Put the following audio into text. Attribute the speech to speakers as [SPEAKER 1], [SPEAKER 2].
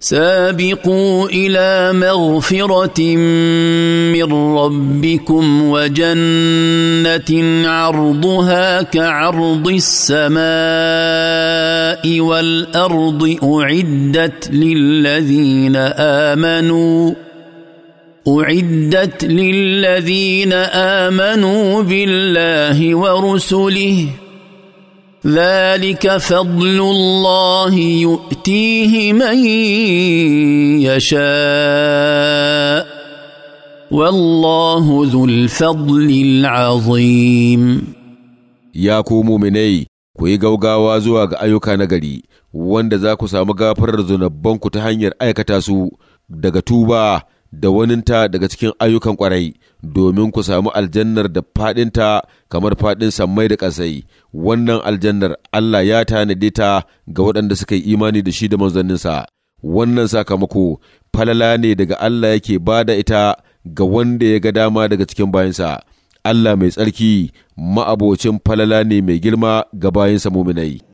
[SPEAKER 1] سابقوا الى مغفره من ربكم وجنه عرضها كعرض السماء والارض اعدت للذين امنوا اعدت للذين امنوا بالله ورسله ذلك فضل الله يؤتيه من يشاء والله ذو الفضل العظيم يا
[SPEAKER 2] ku yi gaugawa zuwa ga ayyuka na gari wanda za ku samu gafarar zunubbanku ta hanyar aikata su daga tuba da waninta daga cikin ayyukan kwarai domin ku samu aljannar da faɗinta kamar faɗin sammai da ƙasai wannan aljannar Allah ya tanade ta ga waɗanda suka yi imani da shi da manzanninsa wannan sakamako falala ne daga Allah yake ba da ita ga wanda ya ga dama daga cikin bayansa Allah mai tsarki ma'abocin falala ne mai girma ga bayansa muminai